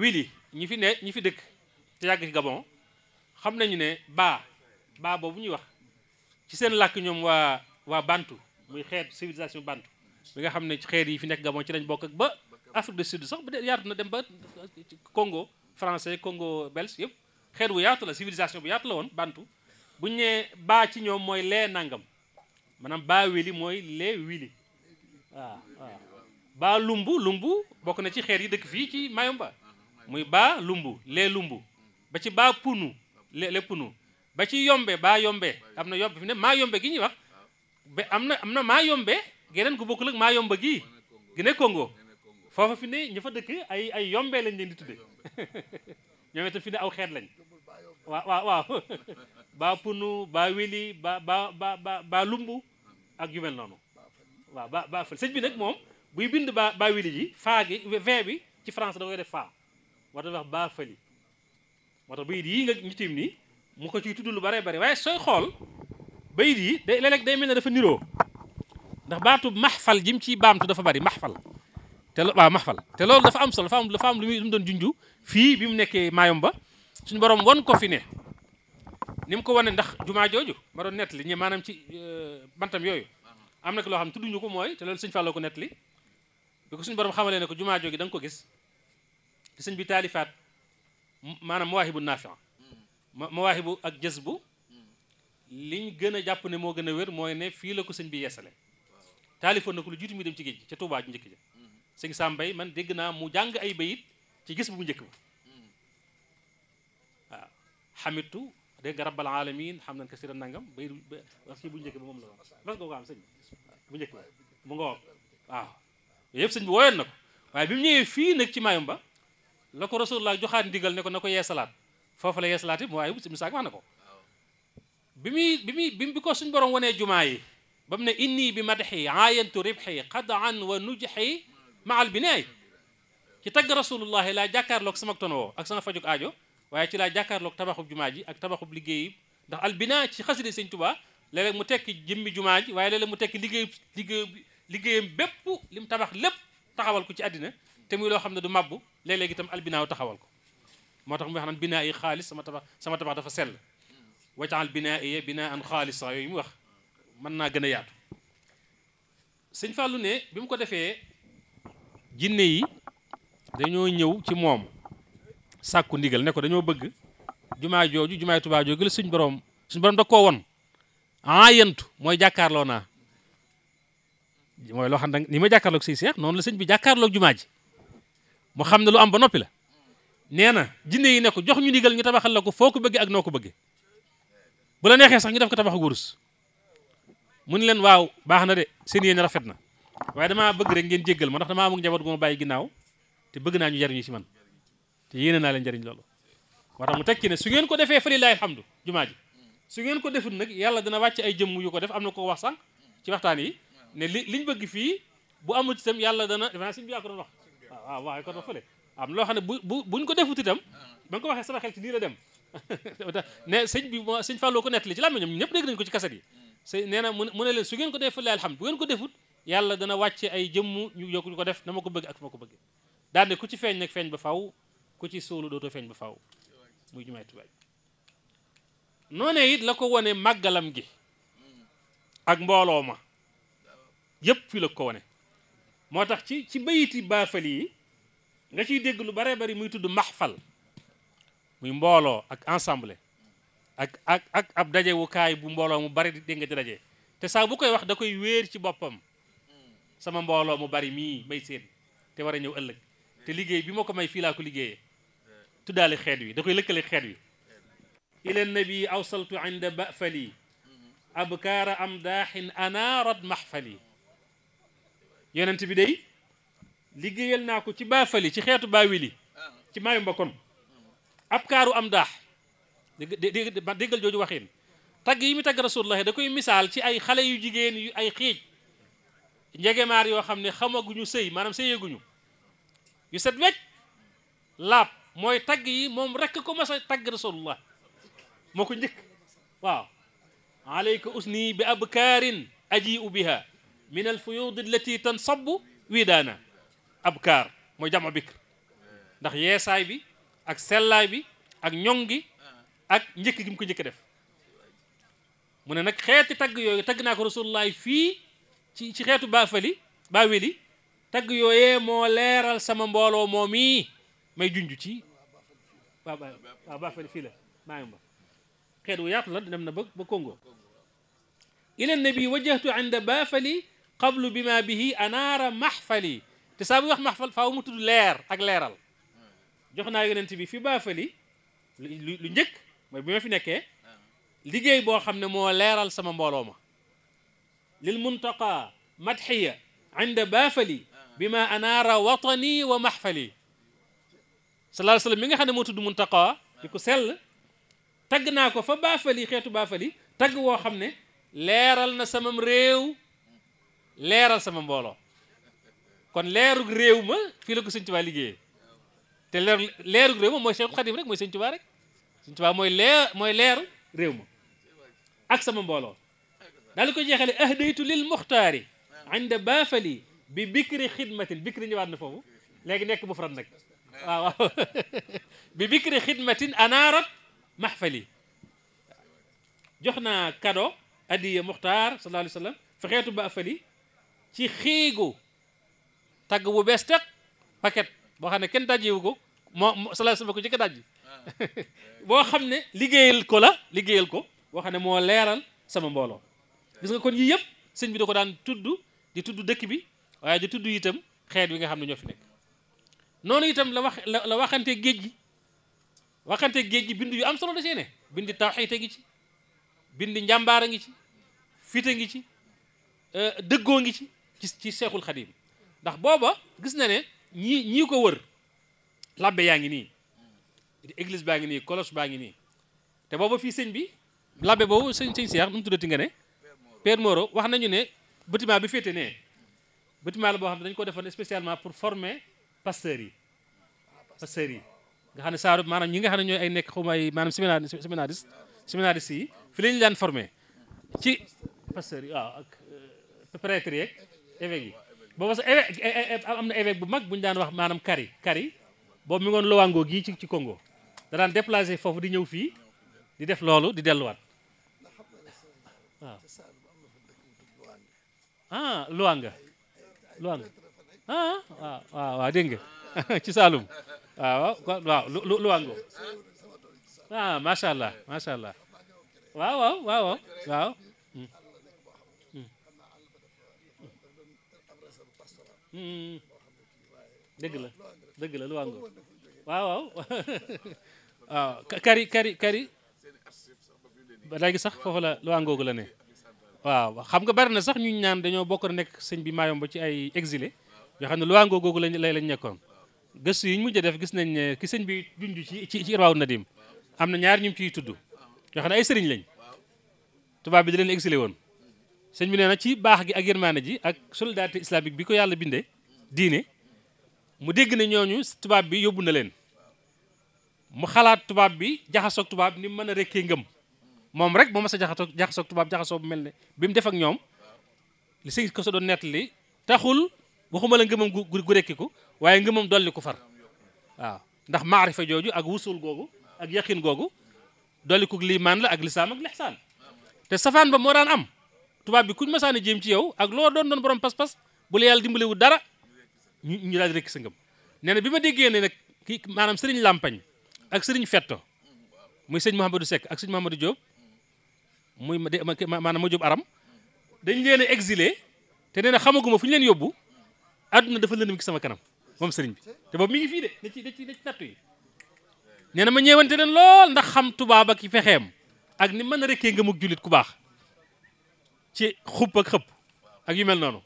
wili ñi fi ne ñi fi dëkk te yàgg ci Gabon xam nañu ne baa baa boobu ñuy wax ci seen làkk ñoom waa waa Bantu muy xeet civilisation Bantu bi nga xam ne ci xeet yi fi nekk Gabon ci lañ bokk ak ba Afrique du Sud sax ba yaatu na dem ba Congo français Congo belge yëpp xeet wu yaatu la civilisation bu yaatu la woon Bantu bu ñu nee baa ci ñoom mooy lee nangam maanaam baa wili mooy lee wili waaw ah, ah. waaw baa lumbu lumbu bokk na ci xeer yi dëkk fii ci Mayumba muy baa lumbu lee lumbu ba ci baa punu le punu ba ci yombe baa yombe am na yombe fi ne maa yombe gi ñuy wax am na am na maa yombe geneen gu bokk ak maa yomba gii Guinée Congo foofa fi ne ñu dëkk ay ay yombe lañ leen di tudde <laughs> ñoom itam fi ne aw xeet lañ waa waaw waaw <laughs> baa punu baa wili ba ba ba ba baa lumbu ak yu mel noonu waaw ba ba fël bi nag moom buy bind ba baa wili ji faa gi vin bi ci France da koy def faa war na wax baa fëli moo tax bayit yi nga ñu tiim ko ciy lu bare bare waaye sooy xool bayit yi day day mel ne dafa niroo ndax baatu maxfal jim ci baamtu dafa bari maxfal te dafa am solo dafa am dafa am lu muy doon junju fii bi mu nekkee maayom suñu borom won ko fi ne ni mu ko wane ndax jumaa jooju ma doon nett li ñi maanaam ci euh, bantam yooyu am na ki loo xam ne tudduñu ko mooy te loolu sëñ Fallou ko nett li bi ko suñu borom xamalee ne ko jumaa jooju da nga ko gis te sëñ bi taalifaat maanaam mawaahibu naafi'a mawaahibu ak bu liñ gën a jàpp ne moo gën a wér mooy ne fii la ko sëñ bi yeesale taalifoon na ko lu jiitu muy dem ci géej gi ca Tuubaa njëkk ja sëñ Sambay man dégg naa mu jàng ay bayit ci gis bu mu njëkk xamitu dégg nga rabbal alamin xam nañ ko si nangam bay wax si bu njëkk ba moom la wax bas googu am sëñ bu njëkk ba mu nga wax waaw yëpp sëñ bi wooyoon na ko waaye bi mu ñëwee fii nag ci maayum ba la ko rasulullah joxaat ndigal ne ko na ko yeesalaat foofu la yeesalaat yi waaye si misaak wax na ko bi muy bi muy bi mu bi ko suñ borom wanee jumaa yi ba mu ne inni bi madaxi aayantu ribxi qadan wa nujxi maal binaay ci tagg rasulullahi laa jàkkaarloog sama tono woo ak sama fajuk aajo waaye ci laa jàkkaarloog tabaxub jumaa ji ak tabaxub liggéey ndax albina ci xasida sëñ Tuubaa léeg-léeg mu tekki jëmmi jumaa ji waaye léeg-léeg mu tekki liggéey liggéey liggéeyam bépp li mu tabax lépp taxawal ko ci àddina te muy loo xam ne du màbbu léeg-léeg itam albinaaw taxawal ko moo tax mu wax naan binaa yi xaalis sama tabax sama tabax dafa sell wacaal binaa iye binaa an xaalis sax yooyu mu wax mën naa gën a yaatu sëñ Fallou ne bi mu ko defee jinne yi dañoo ñëw ci moom sàkku ndigal ne ko dañoo bëgg jumaa jooju jumaa Tuubaa jooju la suñ borom suñ borom da koo won ah yentu mooy jàkkaarloo naa mooy loo xam ne ni ma jàkkaarloog si seex noonu la sëñ bi jàkkaarloog jumaa ji mu xam ne lu am ba noppi la nee na jinne yi nekko ko jox ñu ndigal ñu tabaxal la ko foo ko bëgge ak noo ko bëggee bu la neexee sax ñu def ko tabax wurus mu ne leen waaw baax na de seen yéen rafet na waaye damaa bëgg rek ngeen jéggal ma ndax damaa amul njaboot gu bàyyi ginnaaw te bëgg naa ñu jariñu si man te naa leen njëriñ loolu moo tax mu tekki ne su ngeen ko defee falilahi alhamdu jumaa ji su ngeen ko defut nag yàlla dana wàcc ay jëmm yu ko def am na ko wax sànq ci waxtaan yi ne li liñ bëgg fii bu amul itam yàlla dana defe naa suñ bi ko doon wax waaw waaw waaye ko doon am loo xam ne bu bu buñ ko defut itam ba nga ko waxee sama xel ci lii la dem <laughs> ne sëñ bi moo sëñ Fallou ko nettali ci làmmiñam ñëpp dégg nañ ko ci kaset yi sëñ nee na mu ne leen su ngeen ko defee falilahi alhamdu bu ngeen ko defut yàlla dana wàcce ay jëmm ñu yokk ñu ko def na ma ko bëgg ak ma ko bëgg daal ne ku ci feeñ nag feeñ ba faw ku ci suulu dootoo feeñ ba faw muy jumaay Tuubaa noonee it la ko wone màggalam gi ak mbooloo ma yépp fi la ko wone moo tax ci ci bayiti baafal yi nga ciy dégg lu bare bari muy tudd maxfal muy mbooloo ak ensemble ak ak ak ab dajewukaay bu mbooloo mu bari dégg nga di daje te saa bu koy wax da koy wéer ci boppam sama mbooloo mu bari mii may seen te war ñëw ëllëg te liggéey bi ma ko may fii laa ko xeet wi da koy lëkkale xeet wi ila nabi awsaltu inda bafali abkaara am daaxin anaarat maxfali yonent bi day liggéeyal naa ko ci baafali ci xeetu baawili ci maayu mbakon abkaaru am daax dégg déggal jooju waxin tagg yi mu tagg rasulullahi da koy misaal ci ay xale yu jigéen yu ay xiij njegemaar yoo xam ne xamaguñu sëy maanaam sëyeeguñu yu set wecc laab mooy tagg yi moom rekk ko mas a tagg rasulullah moo ko njëkk waaw alayka usni bi abkaarin ajiu biha min alfuyuud allati tansabu widaana abkaar mooy jama bikr ndax yeesaay bi ak sellaay bi ak ñoŋ gi ak njëkk gi mu ko njëkk def mu ne nag xeeti tagg yooyu tagg naa ko rasulullahi fii ci ci xeetu baafali baaweli tagg yooyee moo leeral sama mbooloo moom yi may junj ci waaw waaw baafali fii la maa ngi ba xeet wu yaatu la dem na ba ba Congo ila nabi wajjahtu inda baafali qablu bima bihi anaara maxfali te saa bu wax maxfal faaw mu tudd leer ak leeral jox naa yonent bi fi baafali lu njëkk mooy bi ma fi nekkee liggéey boo xam ne moo leeral sama mbooloo ma lil muntaqa madxiya inda baafali bima anaara watani wa mahfali sallallahu alayhi wasallam mi nga xam ne moo tudd Muntaqa di ko sell tagg naa ko fa baafali xeetu baafali tagg woo xam ne leeral na samam réew leeral sama mbooloo kon leerug réew ma fii la ko sëñ Tuubaa liggéeyee te leer leerug réew ma mooy Seexul Xadiim rek mooy sëñ Tuubaa rek sëñ Tuubaa mooy leer mooy leeru réew ma ak sama mbooloo daal di ko jeexale ahdaytu lil muxtaari inda baafali bi bikri xidmatin bikri ñëwaat na foofu léegi nekk mufrad nag waaw waaw <laughs> bi bikri xidmatin anaarat mahfali jox na kado adiya muxtaar sallallahu alayhi wa xeetu ba afali ci xiigu tagg bu bees teg paquet boo xam ne kenn dajjiwu ko moo sallallahu alayhi wa ko ci ka <laughs> boo xam ne liggéeyal ko la liggéeyal ko boo xam ne moo leeral sama mbooloo gis kon yii yëpp sëñ bi da ko daan tudd di tudd dëkk bi waaye di tudd itam xeet wi nga xam ne ñoo fi nekk noonu itam la wax la waxante géej gi waxante géej gi bind yu am solo da see bind tawxiit a ngi ci bind njàmbaar a ngi ci fit a ngi ci euh, dëggoo ngi ci ci ci seexul xadim ndax booba gis na ne ñii ñi ko wër labbe yaa ngi nii église baa ngi nii kolos baa ngi nii te booba fii sëñ bi labbe boobu sëñ sëñ Seex nu mu tuddati nga ne Père wax nañu ne bâtiment bi féete nee bâtiment la boo xam ne dañu ko defoon spécialement pour former pasteurs yi pasteurs yi nga xam ne saaru maanaam ñi nga xam ne ñooy ay nekk xaw ma ay maanaam séminariste séminariste yi fi la ñu daan formé ci pasteurs yi waaw ak euh, prêtres yeeg yi booba sax évêque am na évêque bu mag bu ñu daan wax maanaam kari kari boobu mi ngoon lowango gii ci ci Congo da daan déplacé foofu di ñëw fii di def loolu di delluwaat waaw ah luwaangu ah waaw ah, waaw waaw dégg nga <laughs> ci Saalum waaw waaw lu ah macha allah macha allah waaw waaw waaw waaw. <laughs> Ah, kari kari kari ba sax foofu la luwaangoogu la waaw xam nga bari na sax ñu ñaan dañoo bokk nekk sëñ bi maa Mayumba ci ay exilé yoo xam ne luwaangoo googu lañ lay lañ nekkoon gëstu yi ñu mujj def gis nañ ne ki sëñ bi junj ci ci irwaaw nadim am na ñaar ñu ciy tudd ñoo xam ne ay sëriñ lañ tubaab bi da leen exilé woon sëñ bi nee na ci baax gi ak yërmaane ji ak solidarité islamique bi ko yàlla binde diine mu dégg ne ñooñu tubaab bi yóbbu na leen mu xalaat tubaab bi jaxasoog tubaab ni mën a rekkee ngëm moom rek moo mas a jaxasoo jaxasoo tubaab jaxasoo bu mel ne bi mu def ñoom li sëñ ko sa doon nett li taxul waxuma la ngëmam gu gu rekkiku waaye ngëmam dolli ko far waaw ndax maarifa jooju ak wusul googu ak yaqin googu dolli ku liimaan la ak lislaam ak lixsaan te safaan ba moo daan am tubaab bi kuñ masaani jéem ci yow ak loo doon doon borom pas-pas bu la yàlla dimbaliwu dara ñu ñu daal di rekk sa ngëm nee na bi ma déggee ne nag kii maanaam sëriñ làmpañ ak sëriñ fetto muy sëñ Mouhamadou Seck ak sëñ Mouhamadou Diop muy maanaam ma jób aram dañ leen a exilé te nee na xamaguma fu ñu leen yóbbu àdduna dafa lëndëm ci sama kanam moom sëriñ bi te boobu mi ngi fii de na nattu yi nee na ma ñeewante leen lool ndax xam tubaab ak fexeem ak ni mën a rekkee nga mug jullit ku baax ci xupp ak xëpp ak yu mel noonu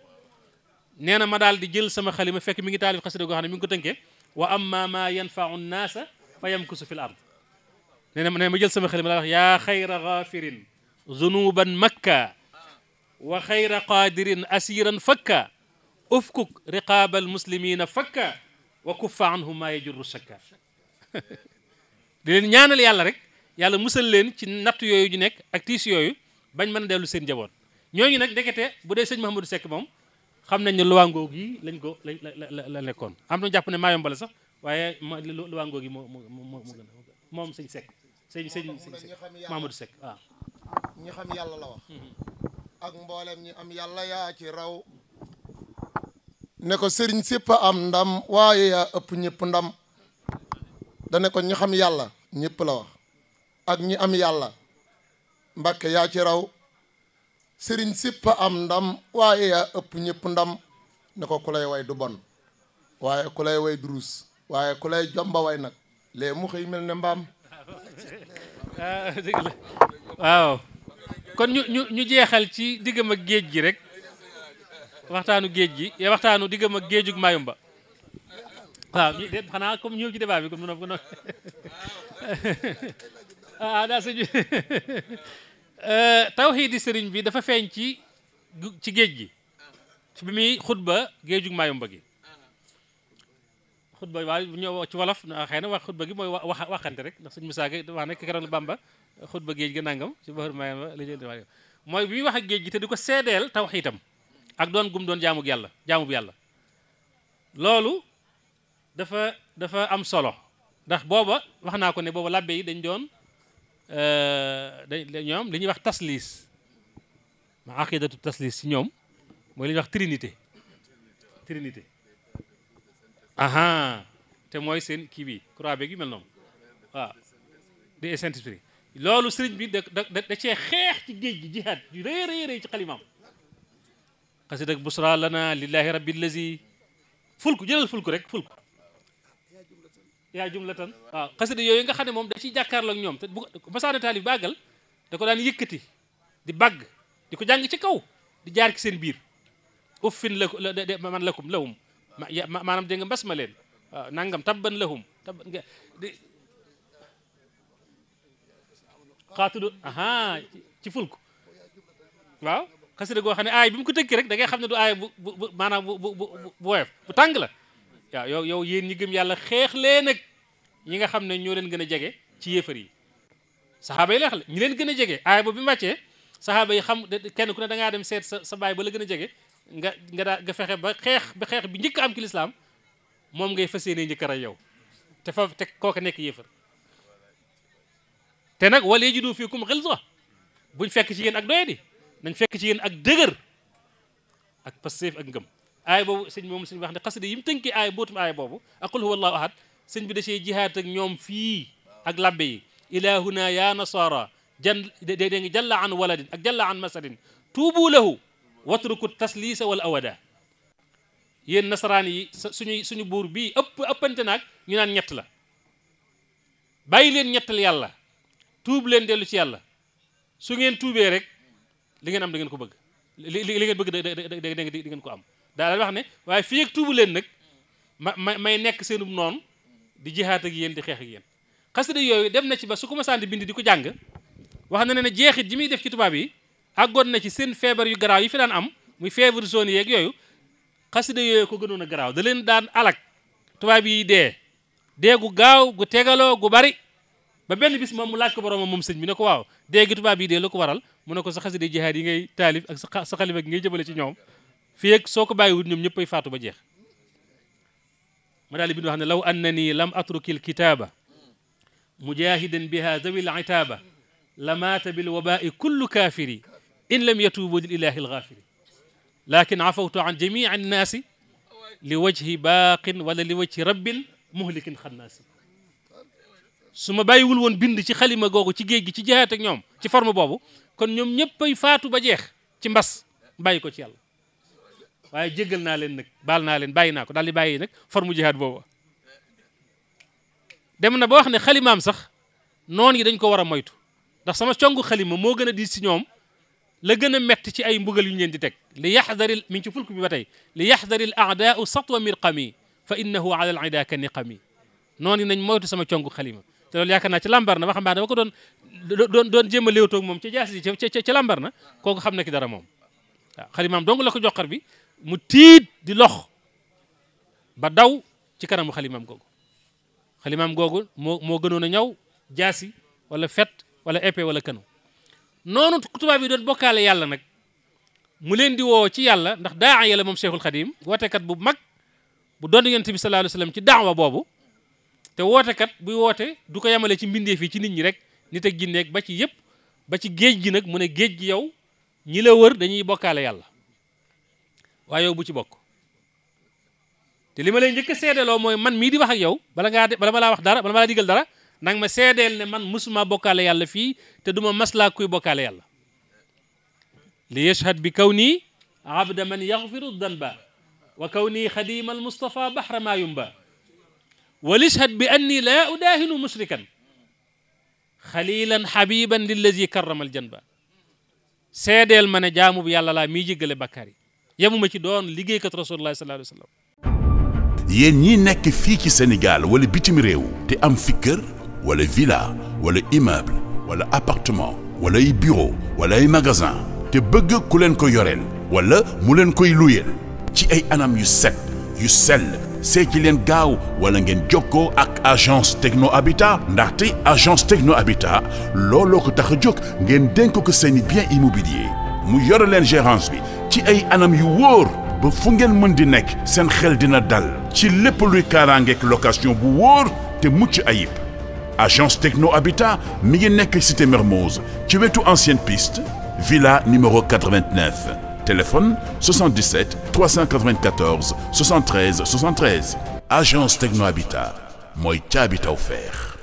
nee na ma daal di jël sama xalima fekk mi ngi taalif xasida goo xam ne mi ngi ko tënkee wa amma ma yanfau nnaasa fa yamkusu fi l ard nee na nee ma jël sama xalima daal wax yaa xayra gaafirin zunuban makka wa xayra qaadirin asiran fakka ufkuk riqaabal muslimina fakka wa kuffa anhum maa yajurru sakka <laughs> di leen ñaanal yàlla rek yàlla musal leen ci natt yooyu ñu nekk ak tiis yooyu bañ mën a dellu seen njaboot ñooñu nag ndekete bu dee sëñ Mahamadou Seck moom xam nañ ne luwaangoo gi lañ ko la la la nekkoon am na jàpp ne maa yombal sax waaye luwaangoo gi moo moo moo gën moom sëñ Seck sëñ sëñ sëñ Mahamadou Seck waaw ñi xam yàlla la wax ak mboolem ñi am yàlla yaa ci raw ne ko sëriñ sépp am ndam waaye yaa ëpp ñëpp ndam da ne ko ñi xam yàlla ñëpp la wax ak ñi am yàlla mbàkke yaa ci raw sëriñ sépp am ndam waaye yaa ëpp ñëpp ndam ne ko ku lay way du bon waaye ku lay way durus waaye ku lay jomba way nag lee mu xëy mel ne mbaam <laughs> ah, waaw kon ñu ñu ñu jeexal ci diggam ak géej gi rek waxtaanu géej gi ya eh, waxtaanu diggam ak géejug Mayumba waaw ñu xanaa comme ñëw ji débat bi kon mënoo ko noonu <laughs> ah daa sëñ bi <laughs> euh, tawxiidi sëriñ bi dafa feeñ ci ci géej gi ci bi muy xutba géejug Mayumba gi xutba waaye bu ñëw ci wolof xëy na wax xutba gi mooy wax waxante rek ndax sëñ Musaa Ka wax ne keroog Bamba ba géej ga nangam ci baxaru maayam la leen di mooy bi muy wax ak géej gi te di ko seedeel tawxiitam ak doon gum doon jaamug yàlla jaamub yàlla loolu dafa dafa am solo ndax booba wax naa ko ne booba labbe yi dañ doon eh, da ñoom li ñuy wax tasliis ma aqidatu tasliis ci ñoom mooy li ñuy wax trinité trinité aha te mooy seen kii bi croix beeg yu mel noonu waaw loolu sëriñ bi da cee xeex ci géej gi jihaad yu rëy rëy rëy ci xalimaam xasida ak busra lana lillahi rabbil lazi fulku jëlal fulku rek fulku yaa jumlatan waaw xasida yooyu nga xam ne moom da ciy jàkkaarloo ak ñoom te bu masaana taalif bàggal da ko daan yëkkati di bàgg di ko jàng ci kaw di jaar ci seen biir uffin la lakum lahum maanaam mbas ma leen nangam tabban lahum xaatulu aha ci fulk waaw xasida goo xam ne aay bi mu ko tëkki rek da ngay xam ne du aay bu bu maanaam bu bu bu woyof bu tàng la waaw yow yow yéen ñi gëm yàlla xeex lee nag ñi nga xam ne ñoo leen gën a jege ci yéefar yi saxaaba yi leex la ñi leen gën a jege aay boobu bi mu wàccee saxaaba yi xam kenn ku ne dangaa dem seet sa sa baay ba la gën a jege nga nga daal nga fexe ba xeex ba xeex bi njëkk am ci lislaam moom ngay fas ne njëkk a yow te fa te kooka nekk yéefar te nag wala yajidu fiikum bu ñu fekk ci yéen ak doyadi nañ fekk ci yéen ak dëgër ak passeef ak ngëm aay boobu sëñ moom sëñ wax ne xasida yi mu tënki aay bootum boobu ak qul huwa allahu ahad sëñ bi da see jihaat ak ñoom fii ak labbe yi ilahuna ya nasara jan dé ngi jalla an waladin ak jalla an masadin tuubu lahu watruku taslisa wal awada yéen nasaraan yi suñuy suñu buur bii ëpp ëppante naag ñu naan ñett la bàyyi leen ñettal yàlla tuub leen dellu ci yàlla su ngeen tuubee rek li ngeen am da ngeen ko bëgg li li ngeen bëgg da di ngeen ko am wax ne waaye fii ak leen nag ma ma may nekk seenum noonu di jihaat ak yéen di xeex yéen xasida yooyu dem na ci ba su ko ma sànni bind di ko jàng wax na ne ne jeexit ji muy def ci tubaab yi àggoon na ci seen feebar yu garaaw yi fi daan am muy feebar zone yeeg yooyu xasida yooyu ko gënoon garaaw da leen daan alak tubaab yi dee dee gu gaaw gu tegaloo gu bari ba benn bis moom mu laaj ko boroomam moom sëñ bi ne ko waaw dégg tubaab yi dee la ko waral mu ne ko sa xasida jihaad yi ngay taalif ak sa xalima gi ngay jëmale ci ñoom fii ak soo ko bàyyiwut ñoom ñëppay faatu ba jeex ma daal di bind wax ne law annani lam atrukil kitaaba mujahidan biha zawil itaaba la maata bil wabai kullu kaafiri in lam yatuubu lil ilahi alxaafiri lakin afawtu an jamii annaasi li wajhi baaqin wala li wajhi rabbin muhlikin xannaasi su ma bàyyiwul woon bind ci xalima googu ci géej gi ci jihaat ñoom ci forma boobu kon ñoom ñëppay faatu ba jeex ci mbas bàyyi ko ci yàlla waaye jéggal naa leen nag baal naa leen bàyyi naa ko daal di bàyyi nag forme jihaat boobu dem na ba wax ne xalimaam sax noon yi dañ ko war a moytu ndax sama congu xalima moo gën a diis si ñoom la gën a metti ci ay mbugal yu ñu leen di teg li yaxdaril mi ngi ci fulk bi ba tey li yaxdaril aadaau satwa mirqami fa innahu ala al ida ka niqami noon nañ moytu sama congu xalima te loolu yaakaar naa ci lambar na waxambaane ba ko doon doon doon jéem a léewtoog moom ci jaas ji ci ci lambar na kooku xam na ki dara moom waaw xalimaam dong la ko joxar bi mu tiit di lox ba daw ci kanamu xalimaam googu xalimaam googu moo moo gënoon a ñaw jaasi wala fet wala épée wala kanu noonu tubaab yi doon bokkaale yàlla nag mu leen di woo ci yàlla ndax daa yàlla moom cheikhul xadim wootekat bu mag bu doon yonent bi sallallahu alayhi wasallam ci daawa boobu te woote kat buy woote du ko yamale ci mbindeef fii ci nit ñi rek nit ak jinneeg ba ci yépp ba ci géej gi nag mu ne géej gi yow ñi la wër dañuy bokkaale yàlla waaye yow bu ci bokk te li ma lay njëkk a seedeeloo mooy man mii di wax ak yow bala ngaa bala ma laa wax dara bala ma laa digal dara nanga ma seedeel ne man mësuma bokkaale yàlla fii te duma maslaa kuy bokkaale yàlla li yashhad bi kaw nii abda man yaxfiru danba wa kaw nii xadimal mustapha wala bi anni laa udaahinu mushrikan xalilan xabiban lillazi karrama aljanba seedeel ma ne jaamu bu yàlla laa miy jéggale bakkaar yi yemuma ci doon liggéeykat rasulullah sallallahu alayhi wa nekk fii ci Sénégal wala bitim réew te am fi kër wala villa wala immeuble wala appartement wala ay bureau wala ay magasin te bëgg ku leen ko yoreel wala mu leen koy luyeel ci ay anam yu set yu sell see ci leen gaaw wala ngeen jokkoo ak agence techno habitat ndaxte agence techno habitat looloo ko tax a jóg ngeen dénk ko seeni bien immobilier mu yore leen gérance bi ci ay anam yu wóor ba fu ngeen mën di nekk seen xel dina dal ci lépp luy kaaraangeek location bu wóor te mucc ayib agence techno habitat mi ngi nekk cité Mermoz ci wetu ancienne pist villa numéro 89 téléphone 77 394 73 73 agence Techno Habitat mooy ca Habitat offert